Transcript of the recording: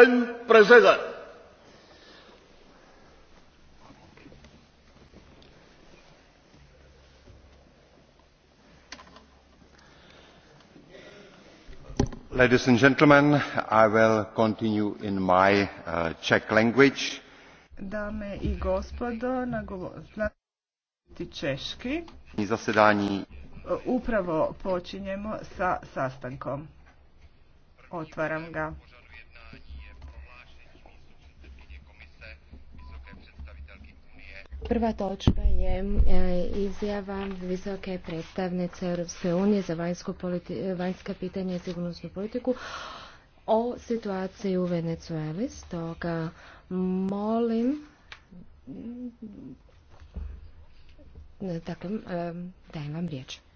Pen Ladies and gentlemen, I will continue in my uh, Czech language. Dame i gospodo, nagovoriti češki. Zasedání. Upravo počinjemo sa sastankom. Otvaram ga. Prva točka je e, izjava visoke predstavnice Europske unije za vanjsko vanjska pitanja i sigurnosnu politiku o situaciji u Venezueli. Stoga molim dakle, e, dajem vam riječ.